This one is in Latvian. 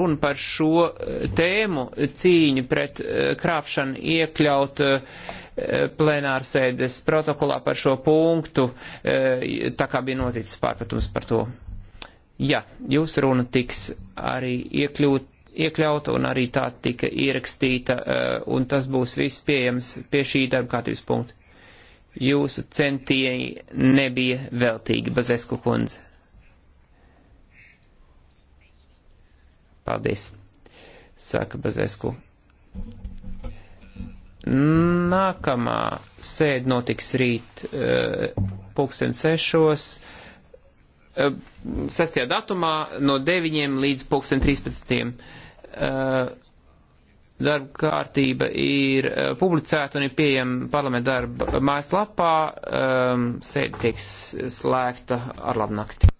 runa par šo eh, tēmu cīņu pret eh, krāpšanu iekļaut eh, plenārsēdes protokolā par šo punktu, tā kā bija noticis pārpratums par to. Jā, jūsu runa tiks arī iekļūt, iekļauta un arī tā tika ierakstīta, un tas būs viss pieejams pie šī darba kārtības punkta. Jūsu centieni nebija veltīgi, Bazesku kundze. Paldies, saka Bazesku. Nākamā sēde notiks rīt eh, pulksten sešos. 6. Eh, datumā no 9 līdz 13. Eh, darba kārtība ir publicēta un ir pieejama parlamenta darba mājaslapā. Sēde tiek slēgta ar labnakti.